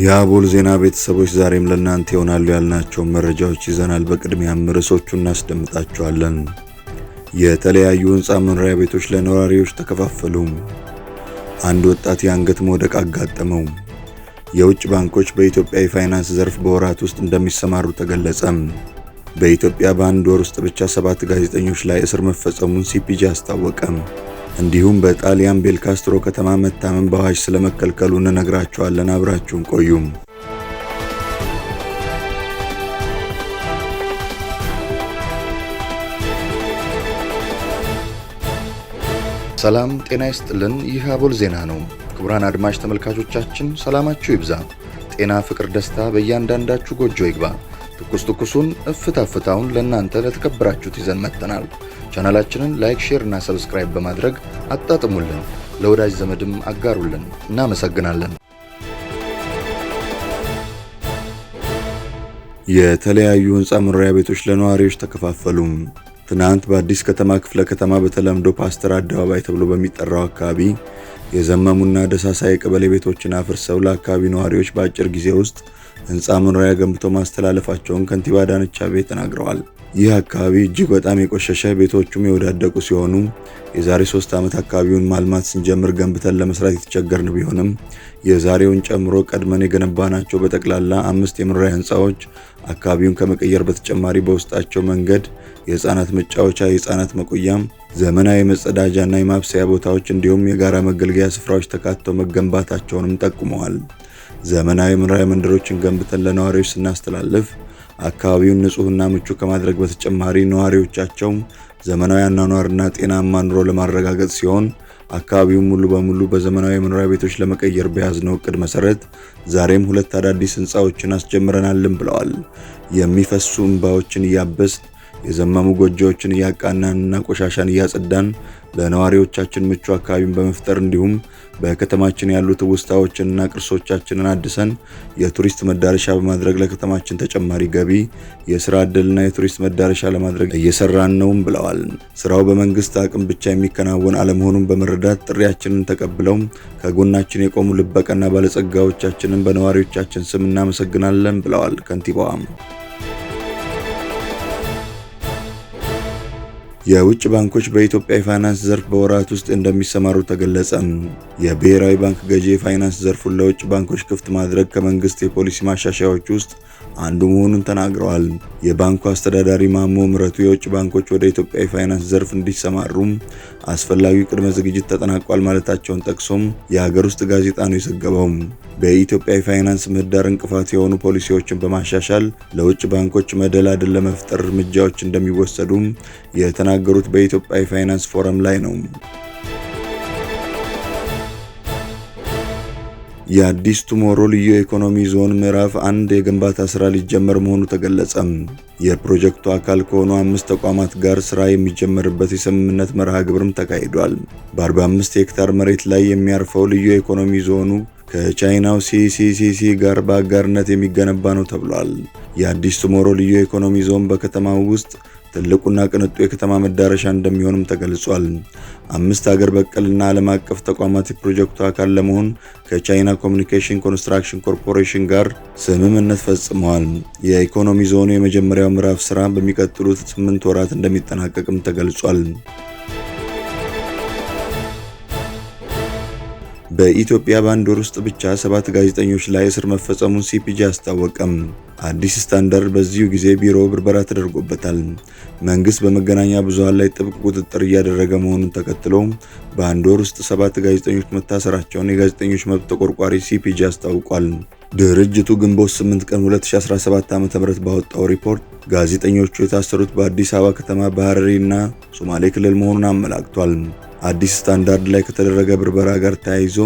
የአቦል ዜና ቤተሰቦች ዛሬም ለእናንተ ይሆናሉ ያልናቸውን መረጃዎች ይዘናል። በቅድሚያም ርዕሶቹ እናስደምጣቸዋለን። የተለያዩ ህንፃ መኖሪያ ቤቶች ለነዋሪዎች ተከፋፈሉ። አንድ ወጣት የአንገት መውደቅ አጋጠመው። የውጭ ባንኮች በኢትዮጵያ የፋይናንስ ዘርፍ በወራት ውስጥ እንደሚሰማሩ ተገለጸም። በኢትዮጵያ በአንድ ወር ውስጥ ብቻ ሰባት ጋዜጠኞች ላይ እስር መፈጸሙን ሲፒጂ አስታወቀም። እንዲሁም በጣሊያን ቤልካስትሮ ከተማ መታመን በአዋጅ ስለመከልከሉ እንነግራችኋለን። አብራችሁን ቆዩም። ሰላም ጤና ይስጥልን። ይህ አቦል ዜና ነው። ክቡራን አድማጭ ተመልካቾቻችን ሰላማችሁ ይብዛ፣ ጤና፣ ፍቅር፣ ደስታ በእያንዳንዳችሁ ጎጆ ይግባ። ትኩስ ትኩሱን እፍታ ፍታውን ለእናንተ ለተከበራችሁት ይዘን መጥተናል። ቻናላችንን ላይክ፣ ሼር እና ሰብስክራይብ በማድረግ አጣጥሙልን፣ ለወዳጅ ዘመድም አጋሩልን። እናመሰግናለን። የተለያዩ ህንፃ መኖሪያ ቤቶች ለነዋሪዎች ተከፋፈሉ። ትናንት በአዲስ ከተማ ክፍለ ከተማ በተለምዶ ፓስተር አደባባይ ተብሎ በሚጠራው አካባቢ የዘመሙና ደሳሳ የቀበሌ ቤቶችን አፍርሰው ለአካባቢ ነዋሪዎች በአጭር ጊዜ ውስጥ ህንፃ መኖሪያ ገንብቶ ማስተላለፋቸውን ከንቲባ አዳነች አቤቤ ተናግረዋል። ይህ አካባቢ እጅግ በጣም የቆሸሸ ቤቶቹም የወዳደቁ ሲሆኑ የዛሬ ሶስት ዓመት አካባቢውን ማልማት ስንጀምር ገንብተን ለመስራት የተቸገርን ቢሆንም የዛሬውን ጨምሮ ቀድመን የገነባናቸው በጠቅላላ አምስት የመኖሪያ ህንፃዎች አካባቢውን ከመቀየር በተጨማሪ በውስጣቸው መንገድ፣ የህፃናት መጫወቻ፣ የህፃናት መቆያም፣ ዘመናዊ የመጸዳጃና የማብሰያ ቦታዎች እንዲሁም የጋራ መገልገያ ስፍራዎች ተካተው መገንባታቸውንም ጠቁመዋል። ዘመናዊ መኖሪያ መንደሮችን ገንብተን ለነዋሪዎች ስናስተላልፍ አካባቢውን ንጹህና ምቹ ከማድረግ በተጨማሪ ነዋሪዎቻቸው ዘመናዊ አኗኗርና ጤናማ ኑሮ ለማረጋገጥ ሲሆን አካባቢውን ሙሉ በሙሉ በዘመናዊ መኖሪያ ቤቶች ለመቀየር በያዝነው እቅድ መሰረት ዛሬም ሁለት አዳዲስ ህንፃዎችን አስጀምረናልን ብለዋል። የሚፈሱ እንባዎችን እያበስን የዘመሙ ጎጆዎችን እያቃናንና ቆሻሻን እያጸዳን ለነዋሪዎቻችን ምቹ አካባቢን በመፍጠር እንዲሁም በከተማችን ያሉት ውስታዎችንና ቅርሶቻችንን አድሰን የቱሪስት መዳረሻ በማድረግ ለከተማችን ተጨማሪ ገቢ፣ የስራ ዕድልና የቱሪስት መዳረሻ ለማድረግ እየሰራን ነውም ብለዋል። ስራው በመንግስት አቅም ብቻ የሚከናወን አለመሆኑን በመረዳት ጥሪያችንን ተቀብለው ከጎናችን የቆሙ ልበቀና ባለጸጋዎቻችንን በነዋሪዎቻችን ስም እናመሰግናለን ብለዋል ከንቲባዋም የውጭ ባንኮች በኢትዮጵያ የፋይናንስ ዘርፍ በወራት ውስጥ እንደሚሰማሩ ተገለጸ። የብሔራዊ ባንክ ገዢ የፋይናንስ ዘርፉን ለውጭ ባንኮች ክፍት ማድረግ ከመንግስት የፖሊሲ ማሻሻያዎች ውስጥ አንዱ መሆኑን ተናግረዋል። የባንኩ አስተዳዳሪ ማሞ ምረቱ የውጭ ባንኮች ወደ ኢትዮጵያ የፋይናንስ ዘርፍ እንዲሰማሩም አስፈላጊው ቅድመ ዝግጅት ተጠናቋል ማለታቸውን ጠቅሶም የሀገር ውስጥ ጋዜጣ ነው የዘገበውም። በኢትዮጵያ የፋይናንስ ምህዳር እንቅፋት የሆኑ ፖሊሲዎችን በማሻሻል ለውጭ ባንኮች መደላድል ለመፍጠር እርምጃዎች እንደሚወሰዱም የተና የተናገሩት በኢትዮጵያ የፋይናንስ ፎረም ላይ ነው። የአዲስ ቱሞሮ ልዩ የኢኮኖሚ ዞን ምዕራፍ አንድ የግንባታ ስራ ሊጀመር መሆኑ ተገለጸ። የፕሮጀክቱ አካል ከሆኑ አምስት ተቋማት ጋር ስራ የሚጀመርበት የስምምነት መርሃ ግብርም ተካሂዷል። በ45 ሄክታር መሬት ላይ የሚያርፈው ልዩ የኢኮኖሚ ዞኑ ከቻይናው ሲሲሲሲ ጋር በአጋርነት የሚገነባ ነው ተብሏል። የአዲስ ቱሞሮ ልዩ ኢኮኖሚ ዞን በከተማው ውስጥ ትልቁና ቅንጡ የከተማ መዳረሻ እንደሚሆንም ተገልጿል። አምስት ሀገር በቀልና ዓለም አቀፍ ተቋማት የፕሮጀክቱ አካል ለመሆን ከቻይና ኮሚኒኬሽን ኮንስትራክሽን ኮርፖሬሽን ጋር ስምምነት ፈጽመዋል። የኢኮኖሚ ዞኑ የመጀመሪያው ምዕራፍ ስራ በሚቀጥሉት ስምንት ወራት እንደሚጠናቀቅም ተገልጿል። በኢትዮጵያ በአንድ ወር ውስጥ ብቻ ሰባት ጋዜጠኞች ላይ እስር መፈጸሙን ሲፒጂ አስታወቀም። አዲስ ስታንዳርድ በዚሁ ጊዜ ቢሮ ብርበራ ተደርጎበታል። መንግስት በመገናኛ ብዙሃን ላይ ጥብቅ ቁጥጥር እያደረገ መሆኑን ተከትሎ በአንድ ወር ውስጥ ሰባት ጋዜጠኞች መታሰራቸውን የጋዜጠኞች መብት ተቆርቋሪ ሲፒጂ አስታውቋል። ድርጅቱ ግንቦት 8 ቀን 2017 ዓ.ም ባወጣው ሪፖርት ጋዜጠኞቹ የታሰሩት በአዲስ አበባ ከተማ፣ በሐረሪ እና ሶማሌ ክልል መሆኑን አመላክቷል። አዲስ ስታንዳርድ ላይ ከተደረገ ብርበራ ጋር ተያይዞ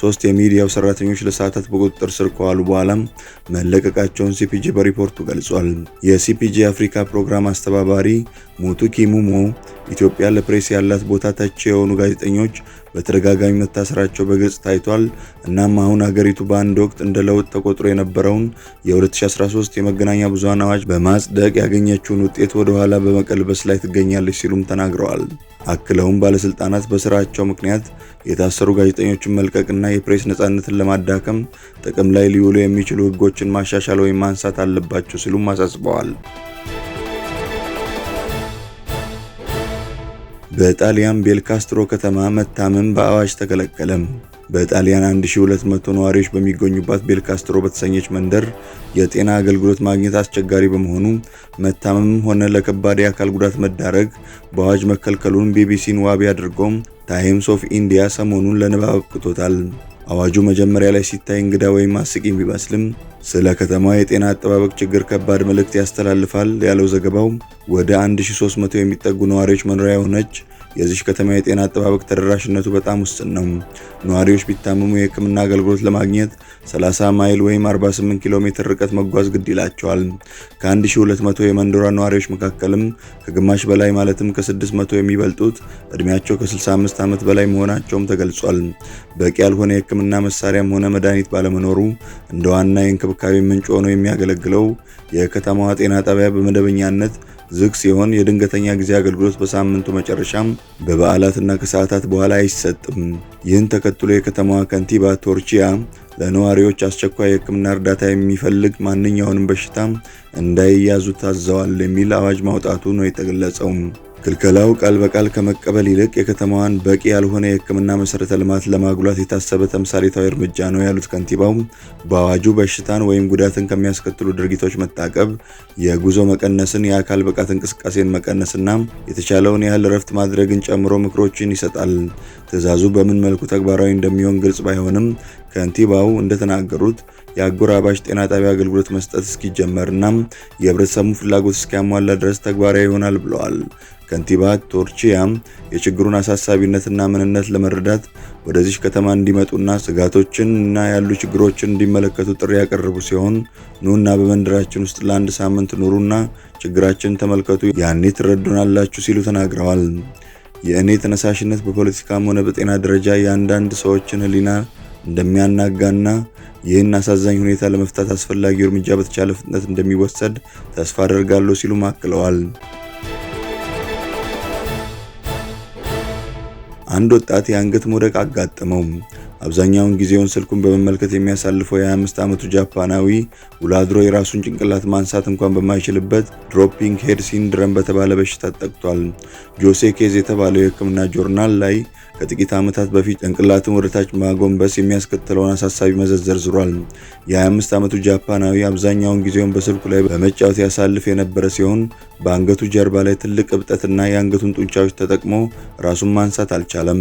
ሶስት የሚዲያው ሰራተኞች ለሰዓታት በቁጥጥር ስር ከዋሉ በኋላም መለቀቃቸውን ሲፒጂ በሪፖርቱ ገልጿል። የሲፒጂ አፍሪካ ፕሮግራም አስተባባሪ ሙቱኪ ሙሙ ኢትዮጵያ ለፕሬስ ያላት ቦታ ታች የሆኑ ጋዜጠኞች በተደጋጋሚ መታሰራቸው በግልጽ ታይቷል። እናም አሁን ሀገሪቱ በአንድ ወቅት እንደ ለውጥ ተቆጥሮ የነበረውን የ2013 የመገናኛ ብዙሃን አዋጅ በማጽደቅ ያገኘችውን ውጤት ወደ ኋላ በመቀልበስ ላይ ትገኛለች ሲሉም ተናግረዋል። አክለውም ባለስልጣናት በስራቸው ምክንያት የታሰሩ ጋዜጠኞችን መልቀቅና የፕሬስ ነጻነትን ለማዳከም ጥቅም ላይ ሊውሉ የሚችሉ ህጎችን ማሻሻል ወይም ማንሳት አለባቸው ሲሉም አሳስበዋል። በጣሊያን ቤልካስትሮ ከተማ መታመም በአዋጅ ተከለከለም። በጣሊያን 1200 ነዋሪዎች በሚገኙባት ቤልካስትሮ በተሰኘች መንደር የጤና አገልግሎት ማግኘት አስቸጋሪ በመሆኑ መታመምም ሆነ ለከባድ የአካል ጉዳት መዳረግ በአዋጅ መከልከሉን ቢቢሲን ዋቢ አድርጎ ታይምስ ኦፍ ኢንዲያ ሰሞኑን ለንባብ አብቅቶታል። አዋጁ መጀመሪያ ላይ ሲታይ እንግዳ ወይም አስቂኝ ቢመስልም ስለ ከተማዋ የጤና አጠባበቅ ችግር ከባድ መልእክት ያስተላልፋል ያለው ዘገባው ወደ 1300 የሚጠጉ ነዋሪዎች መኖሪያ የሆነች የዚች ከተማ የጤና አጠባበቅ ተደራሽነቱ በጣም ውስን ነው። ነዋሪዎች ቢታመሙ የህክምና አገልግሎት ለማግኘት 30 ማይል ወይም 48 ኪሎ ሜትር ርቀት መጓዝ ግድ ይላቸዋል። ከ1200 የመንደሯ ነዋሪዎች መካከልም ከግማሽ በላይ ማለትም ከ600 የሚበልጡት እድሜያቸው ከ65 ዓመት በላይ መሆናቸውም ተገልጿል። በቂ ያልሆነ የህክምና መሳሪያም ሆነ መድኃኒት ባለመኖሩ እንደ ዋና የእንክብካቤ ምንጭ ሆኖ የሚያገለግለው የከተማዋ ጤና ጣቢያ በመደበኛነት ዝግ ሲሆን የድንገተኛ ጊዜ አገልግሎት በሳምንቱ መጨረሻም በበዓላትና ከሰዓታት በኋላ አይሰጥም። ይህን ተከትሎ የከተማዋ ከንቲባ ቶርቺያ ለነዋሪዎች አስቸኳይ የሕክምና እርዳታ የሚፈልግ ማንኛውንም በሽታ እንዳይያዙ ታዘዋል የሚል አዋጅ ማውጣቱ ነው የተገለጸውም። ክልከላው ቃል በቃል ከመቀበል ይልቅ የከተማዋን በቂ ያልሆነ የሕክምና መሰረተ ልማት ለማጉላት የታሰበ ተምሳሌታዊ እርምጃ ነው ያሉት ከንቲባው በአዋጁ በሽታን ወይም ጉዳትን ከሚያስከትሉ ድርጊቶች መታቀብ፣ የጉዞ መቀነስን፣ የአካል ብቃት እንቅስቃሴን መቀነስና የተቻለውን ያህል እረፍት ማድረግን ጨምሮ ምክሮችን ይሰጣል። ትዕዛዙ በምን መልኩ ተግባራዊ እንደሚሆን ግልጽ ባይሆንም ከንቲባው እንደተናገሩት የአጎራባሽ ጤና ጣቢያ አገልግሎት መስጠት እስኪጀመርና የህብረተሰቡ ፍላጎት እስኪያሟላ ድረስ ተግባራዊ ይሆናል ብለዋል። ከንቲባ ቶርቺያ የችግሩን አሳሳቢነትና ምንነት ለመረዳት ወደዚህ ከተማ እንዲመጡና ስጋቶችን እና ያሉ ችግሮችን እንዲመለከቱ ጥሪ ያቀረቡ ሲሆን ኑና በመንደራችን ውስጥ ለአንድ ሳምንት ኑሩና ችግራችን ተመልከቱ፣ ያኔ ትረዱናላችሁ ሲሉ ተናግረዋል። የእኔ ተነሳሽነት በፖለቲካም ሆነ በጤና ደረጃ የአንዳንድ ሰዎችን ህሊና እንደሚያናጋና ይህን አሳዛኝ ሁኔታ ለመፍታት አስፈላጊው እርምጃ በተቻለ ፍጥነት እንደሚወሰድ ተስፋ አደርጋለሁ ሲሉም አክለዋል። አንድ ወጣት የአንገት መውደቅ አጋጠመው። አብዛኛውን ጊዜውን ስልኩን በመመልከት የሚያሳልፈው የ25 ዓመቱ ጃፓናዊ ውላድሮ የራሱን ጭንቅላት ማንሳት እንኳን በማይችልበት ድሮፒንግ ሄድ ሲንድረም በተባለ በሽታ ጠቅቷል። ጆሴ ኬዝ የተባለው የሕክምና ጆርናል ላይ ከጥቂት ዓመታት በፊት ጭንቅላትን ወደታች ማጎንበስ የሚያስከትለውን አሳሳቢ መዘዝ ዘርዝሯል። የ25 ዓመቱ ጃፓናዊ አብዛኛውን ጊዜውን በስልኩ ላይ በመጫወት ያሳልፍ የነበረ ሲሆን በአንገቱ ጀርባ ላይ ትልቅ እብጠትና የአንገቱን ጡንቻዎች ተጠቅሞ ራሱን ማንሳት አልቻለም።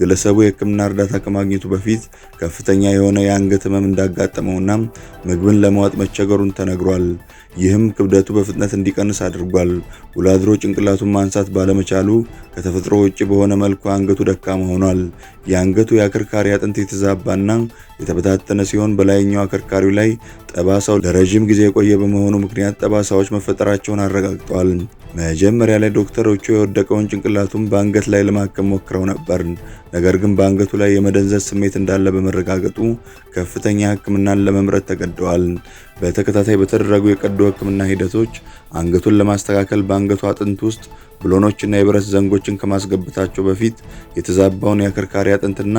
ግለሰቡ የሕክምና እርዳታ ከማግኘቱ በፊት ከፍተኛ የሆነ የአንገት ህመም እንዳጋጠመውና ምግብን ለመዋጥ መቸገሩን ተነግሯል። ይህም ክብደቱ በፍጥነት እንዲቀንስ አድርጓል። ውላድሮ ጭንቅላቱን ማንሳት ባለመቻሉ ከተፈጥሮ ውጭ በሆነ መልኩ አንገቱ ደካማ ሆኗል። የአንገቱ የአከርካሪ አጥንት የተዛባና የተበታተነ ሲሆን በላይኛው አከርካሪው ላይ ጠባሳው ለረዥም ጊዜ የቆየ በመሆኑ ምክንያት ጠባሳዎች መፈጠራቸውን አረጋግጠዋል። መጀመሪያ ላይ ዶክተሮቹ የወደቀውን ጭንቅላቱን በአንገት ላይ ለማከም ሞክረው ነበር። ነገር ግን በአንገቱ ላይ የመደንዘዝ ስሜት እንዳለ በመረጋገጡ ከፍተኛ ሕክምናን ለመምረጥ ተገደዋል። በተከታታይ በተደረጉ የቀዶ ሕክምና ሂደቶች አንገቱን ለማስተካከል በአንገቱ አጥንት ውስጥ ብሎኖችና የብረት ዘንጎችን ከማስገባታቸው በፊት የተዛባውን የአከርካሪ አጥንትና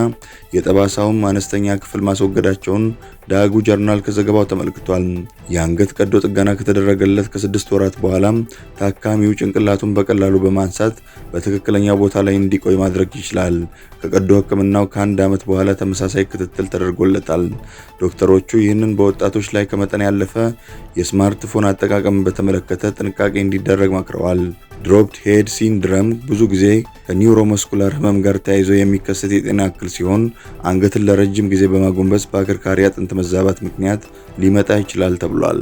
የጠባሳውን አነስተኛ ክፍል ማስወገዳቸውን ዳጉ ጀርናል ከዘገባው ተመልክቷል። የአንገት ቀዶ ጥገና ከተደረገለት ከስድስት ወራት በኋላም ታካሚው ጭንቅላቱን በቀላሉ በማንሳት በትክክለኛ ቦታ ላይ እንዲቆይ ማድረግ ይችላል። ከቀዶ ሕክምናው ከአንድ ዓመት በኋላ ተመሳሳይ ክትትል ተደርጎለታል። ዶክተሮቹ ይህንን በወጣቶች ላይ ከመጠን ያለፈ የስማርትፎን አጠቃቀም በተመለከተ የበለጠ ጥንቃቄ እንዲደረግ መክረዋል። ድሮፕድ ሄድ ሲንድረም ብዙ ጊዜ ከኒውሮመስኩላር ህመም ጋር ተያይዞ የሚከሰት የጤና እክል ሲሆን አንገትን ለረጅም ጊዜ በማጎንበስ በአከርካሪ አጥንት መዛባት ምክንያት ሊመጣ ይችላል ተብሏል።